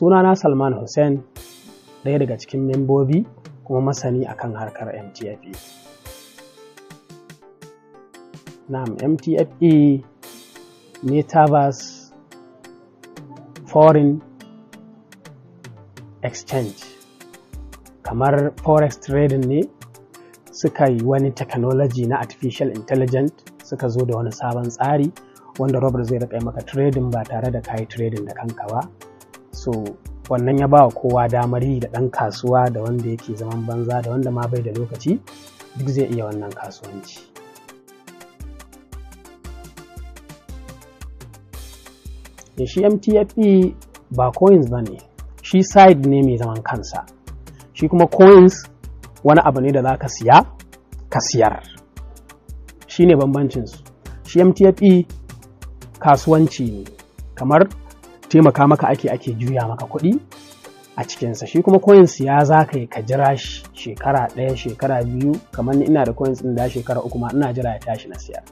sunana salman hussein ɗaya daga cikin membobi kuma masani akan harkar mtfe na'am mtfe metaverse foreign exchange kamar forex trading ne suka yi wani technology na artificial intelligence suka zo da wani sabon tsari wanda robert zai rika maka trading ba tare da kayi trading da kanka ba so wannan ya ba wa kowa damar yi da ɗan kasuwa da wanda yake zaman banza da wanda ma bai da lokaci duk zai iya wannan kasuwanci shi mtfe ba coins ba ne shi side ne mai zaman kansa shi kuma coins wani abu ne da za ka siya ka siyar shi ne bambancinsu shi mtfe kasuwanci ne kamar taimaka maka ake ake juya maka kuɗi a cikinsa shi kuma coins ya za ka yi ka jira shekara ɗaya shekara biyu kamar ni ina da coins ɗin da shekara uku ma ina jira ya tashi na siyar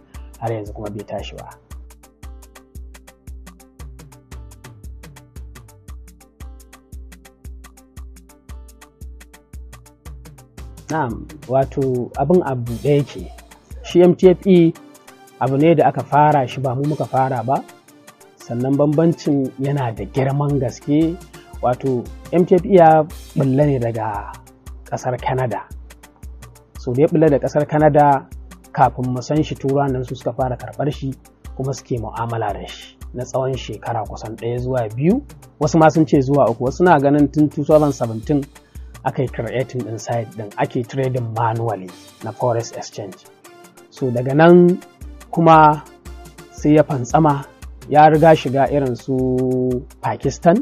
har yanzu kuma bai tashi ba na'am wato abin abu ɗaya ke shi mtfe abu ne da aka fara shi ba mu muka fara ba sannan bambancin yana da girman gaske wato mtf ya bulla ne daga kasar canada so da ya bulla da kasar canada kafin mu san shi tura nan su suka fara karɓar shi kuma suke mu'amala da shi na tsawon shekara kusan ɗaya zuwa biyu wasu ma sun ce zuwa uku wasu na ganin tun 2017 aka yi creating inside din ake trading manually na forest exchange so daga nan kuma sai ya fantsama ya riga shiga irin su pakistan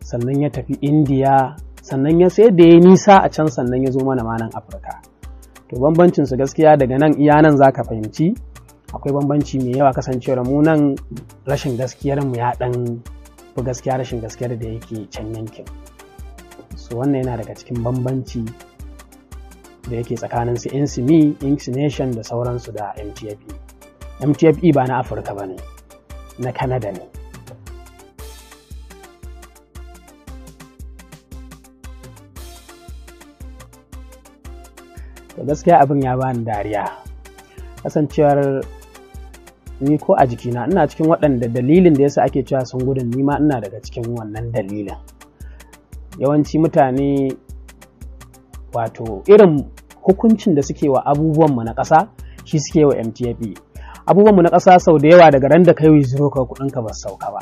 sannan ya tafi indiya sannan ya sai da ya nisa a can sannan ya zo mana manan afirka to bambancin su gaskiya daga nan iya nan za ka fahimci akwai bambanci mai yawa kasancewar mu nan rashin gaskiyar mu ya dan fi gaskiya rashin gaskiyar da yake can yankin so wannan yana daga cikin bambanci da yake tsakanin su Insimi, insination da sauransu da MTFE. MTFE ba na Afirka ba ne. na Kanada ne. Da gaskiya abin ya bani dariya. Kasancewar ni ko a jikina ina cikin waɗanda dalilin da yasa ake cewa sun gudun nima ina daga cikin wannan dalilin. Yawanci mutane wato irin hukuncin da suke wa abubuwanmu na ƙasa shi suke wa MTFE. abubuwanmu na ƙasa sau da yawa daga ran da kai wiziro ka kuɗin ka ba sauka ba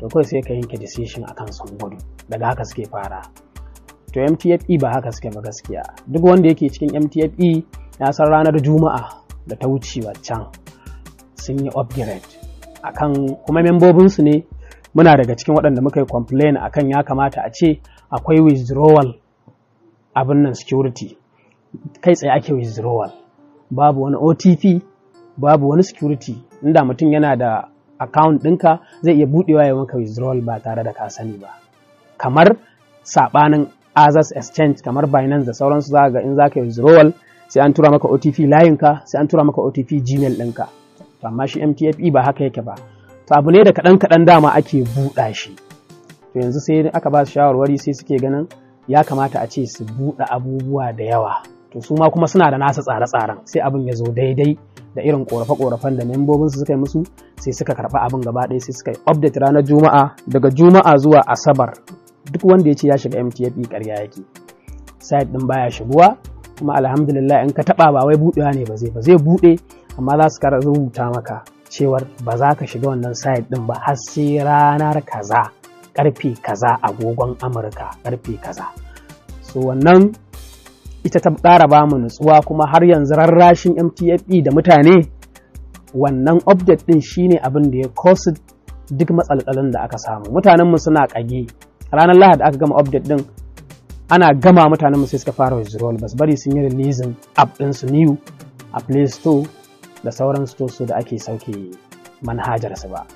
to kawai sai ka yanke decision akan sun gudu daga haka suke fara to mtfe ba haka suke ba gaskiya duk wanda yake cikin mtfe ya san ranar juma'a da ta wuce can sun yi upgrade akan kuma membobinsu ne muna daga cikin waɗanda muka yi complain akan ya kamata a ce akwai withdrawal abin nan security kai tsaye ake withdrawal babu wani otp babu wani security inda mutum yana da account ɗinka zai iya buɗewa ya maka withdrawal ba tare da ka sani ba kamar saɓanin Azas Exchange kamar Binance da sauransu za ga in za ka yi withdrawal sai an tura maka OTP layin ka sai an tura maka OTP Gmail ɗinka to amma shi MTFE ba haka yake ba to abu ne da kaɗan kaɗan dama ake buɗa shi to yanzu sai aka ba su shawarwari sai suke ganin ya kamata a ce su buɗe abubuwa da yawa to su ma kuma suna da nasa tsare-tsaren sai abin ya zo daidai da irin korafe-korafen da membobinsu suka yi musu sai suka karɓi abin gaba ɗaya sai suka yi update ranar juma'a daga juma'a zuwa asabar duk wanda ya ce ya shiga mtf ƙarya yake site ɗin baya shigowa kuma alhamdulillah in ka taɓa ba wai buɗewa ne ba zai ba zai buɗe amma za su kara rubuta maka cewar ba za ka shiga wannan site ɗin ba har sai ranar kaza ƙarfe kaza agogon amurka ƙarfe kaza so wannan ita ta ƙara ba mu nutsuwa kuma har yanzu rarrashin mtfe da mutane wannan update ɗin shine abin da ya kosu duk matsalolin da aka samu mutanen mu suna kage, ranar lahadi aka gama update ɗin ana gama mutanen mu sai suka fara withdrawal bas bari sun yi releasing app su new a play store da sauran store su da ake sauke su ba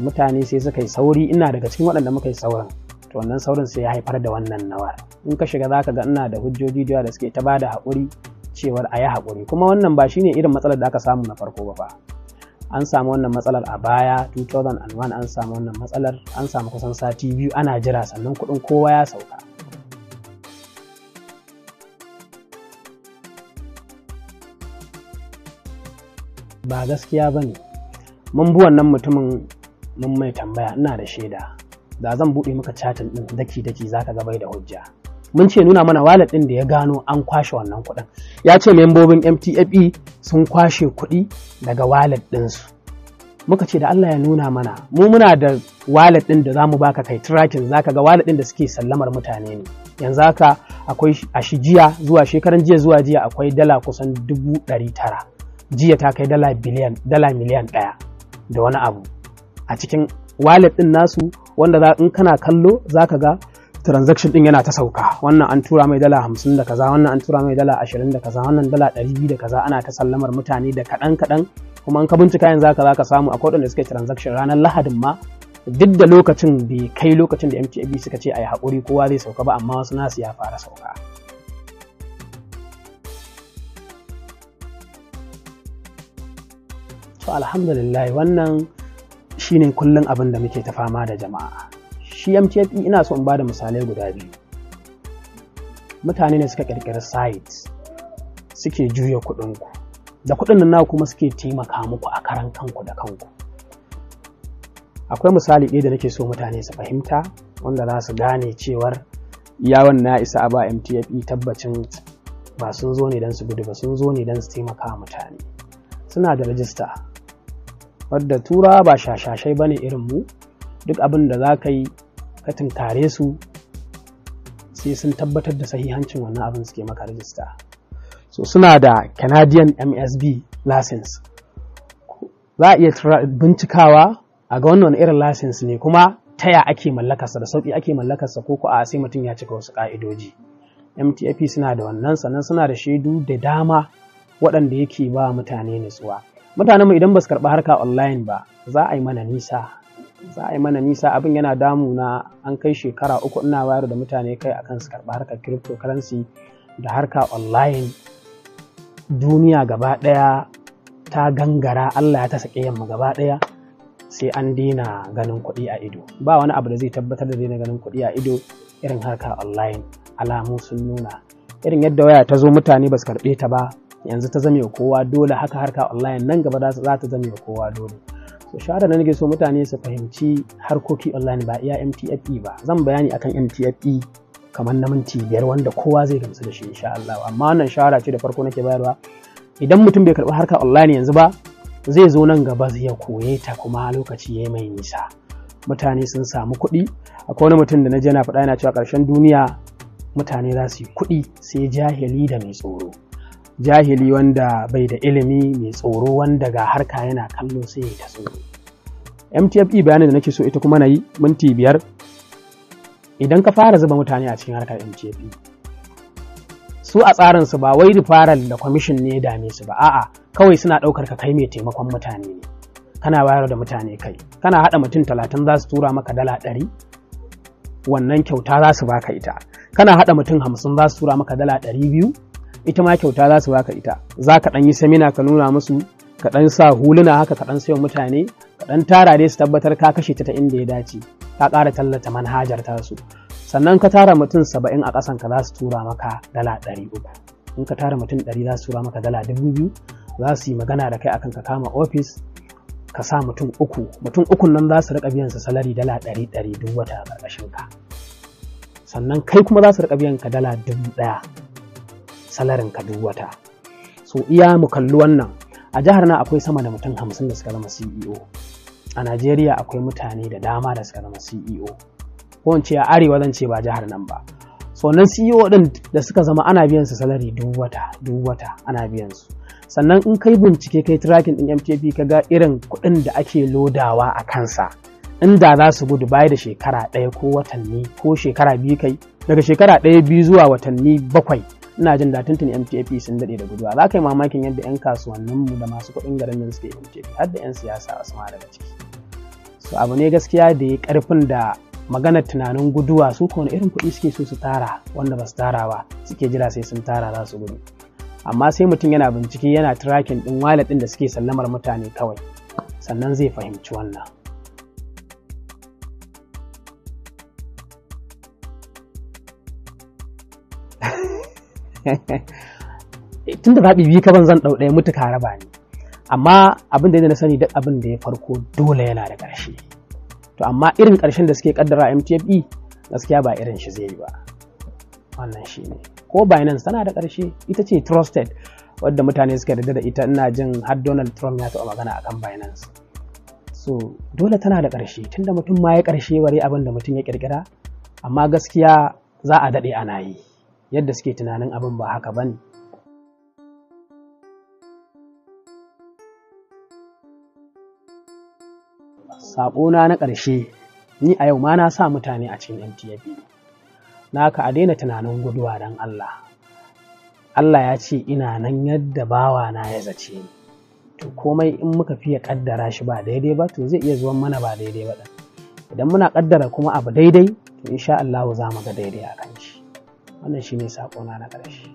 mutane sai suka yi sauri ina daga cikin waɗanda muka yi sauran to wannan saurin sai ya haifar da wannan nawar in ka shiga zaka ga ina da hujjoji da da suke ta bada haƙuri cewar a yi haƙuri kuma wannan ba shine irin matsalar da aka samu na farko ba fa an samu wannan matsalar a baya 2001 an samu wannan matsalar an samu kusan sati biyu ana jira sannan kuɗin kowa ya sauka ba gaskiya ba ne mun bi wannan mutumin mun mai tambaya ina da shaida da zan buɗe maka chatin ɗin daki daki zaka ga bai da hujja mun ce nuna mana wallet ɗin da ya gano an kwashe wannan kuɗin ya ce membobin mtfe sun kwashe kuɗi daga wallet ɗinsu muka ce da Allah ya nuna mana mu muna da wallet ɗin da zamu baka kai tracking zaka ga wallet ɗin da suke sallamar mutane ne yanzu haka akwai a shi jiya zuwa shekaran jiya zuwa jiya akwai dala kusan dubu ɗari tara jiya ta kai dala biliyan dala miliyan ɗaya da wani abu a cikin wallet ɗin nasu wanda in kana kallo zaka ga transaction din yana ta sauka wannan an tura mai dala hamsin da kaza wannan an tura mai dala ashirin da kaza wannan dala ɗari biyu da kaza ana ta sallamar mutane da kaɗan kaɗan kuma in ka bincika yanzu zaka zaka samu akwai wanda suke transaction ranar lahadin ma duk da lokacin bai kai lokacin da mtb suka ce ayi yi kowa zai sauka ba amma wasu nasu ya fara sauka to alhamdulillah wannan shine kullum abin da muke ta fama da jama'a shi mtfe ina so in ba da misalai guda biyu mutane ne suka kirkiri site suke juya kuɗinku da kuɗin nan kuma suke taimaka muku a karan kanku da kanku akwai misali ɗaya da nake so mutane su fahimta wanda za su gane cewar yawon na isa a ba mtfe tabbacin ba sun zo ne don su gudu ba sun zo ne don su taimaka mutane suna da rajista wadda tura ba shashashai bane irin mu duk abin da za ka yi ka tunkare su sai sun tabbatar da sahihancin wannan abin suke maka rajista so suna da canadian msb license za a iya bincikawa a ga wannan irin license ne kuma taya ake mallakarsa da sauƙi ake mallakarsa ko kuwa sai mutum ya cika wasu ƙa'idoji MTAP suna da wannan sannan suna da shaidu da dama waɗanda yake ba mutane nutsuwa mutanenmu idan ba su karɓi harka online ba za a yi mana nisa za a yi mana nisa abin yana damuna an kai shekara uku ina wayar da mutane kai akan su karɓi harkar cryptocurrency da harka online duniya gaba ɗaya ta gangara allah ya ta sake yamma gaba ɗaya sai an dina ganin kuɗi a ido ba wani abu da zai tabbatar da daina ganin kuɗi a ido irin harka online alamu sun nuna irin yadda waya ta zo mutane ba su karɓe ta ba yanzu ta zame kowa dole haka harka online nan gaba za ta zame kowa dole so shahada na nake so mutane su fahimci harkoki online ba iya MTFE ba zan bayani akan MTFE kamar na minti biyar wanda kowa zai gamsu da shi insha Allah amma wannan shahara ce da farko nake bayarwa idan mutum bai karɓi harka online yanzu ba zai zo nan gaba zai koye ta kuma lokaci ya mai nisa mutane sun samu kuɗi akwai wani mutum da na je na faɗa yana cewa ƙarshen duniya mutane za su yi kuɗi sai jahili da mai tsoro jahili wanda bai da ilimi mai tsoro wanda ga harka yana kallo sai ya taso. mtf mtfe bayanin da nake so ita kuma na yi minti biyar idan ka fara zuba mutane a cikin harkar mtfe su a su ba wai rifaral da kwamishin ne ya dame su ba a'a kawai suna ɗaukar ka kai mai taimakon mutane ne kana bayar da mutane kai kana haɗa mutum talatin za su tura maka dala ɗari wannan kyauta za su baka ita kana haɗa mutum hamsin za su tura maka dala ɗari biyu ita ma kyauta za su baka ita za ka ɗan yi samina ka nuna musu ka ɗan sa huluna haka ka ɗan sayo mutane ka ɗan tara dai su tabbatar ka kashe ta ta inda ya dace ka ƙara tallata manhajar tasu sannan ka tara mutum saba'in a ƙasan ka za su tura maka dala ɗari uku in ka tara mutum ɗari za su tura maka dala dubu biyu za su yi magana da kai akan ka kama ofis ka sa mutum uku mutum ukun nan za su riƙa biyan sa salari dala ɗari ɗari duk wata ƙarƙashin ka sannan kai kuma za su riƙa biyan ka dala dubu ɗaya salarin ka duk wata so iya mu kalli wannan a jihar nan akwai sama da mutum hamsin da suka zama ceo a najeriya akwai mutane da dama da suka zama ceo ko in a arewa zan ce ba jihar nan ba so nan ceo din da suka zama ana biyan su salari duk wata duk wata ana biyan su sannan in kai bincike kai tracking din mtp ka ga irin kuɗin da ake lodawa a kansa inda za su gudu baya da shekara ɗaya ko watanni ko shekara biyu kai daga shekara ɗaya biyu zuwa watanni bakwai ina jin da tuntun mtp sun daɗe da guduwa za ka yi mamakin yadda 'yan kasuwanninmu da masu kuɗin garin nan suke mtp har da 'yan siyasa wasu ma daga ciki Su abu ne gaskiya da ya ƙarfin da maganar tunanin guduwa su kone wani irin kuɗi suke so su tara wanda ba su tara ba suke jira sai sun tara za su gudu amma sai mutum yana bincike yana tracking ɗin wallet ɗin da suke sallamar mutane kawai sannan zai fahimci wannan tun da zaɓi biyu kaban zan ɗau mutu ka raba ne amma abin da na sani duk abin da ya farko dole yana da ƙarshe to amma irin ƙarshen da suke kaddara mtfe gaskiya ba irin shi zai yi ba wannan shi ne ko binance tana da ƙarshe ita ce trusted wadda mutane suka yarda da ita ina jin har donald trump ya taɓa magana akan binance so dole tana da ƙarshe tunda mutum ma ya ƙarshe wari abin da mutum ya ƙirƙira amma gaskiya za a daɗe ana yi yadda suke tunanin abin ba haka ba ne saƙona na ƙarshe ni a yau ma na sa mutane a cikin mtf na ka a daina tunanin guduwa don allah allah ya ce ina nan yadda bawa na ya zace ni to komai in muka fiye ƙaddara shi ba daidai ba to zai iya zuwan mana ba daidai ba idan muna ƙaddara kuma abu daidai to insha Allah za mu ga daidai a kan shi wannan shine saƙona na ƙarshe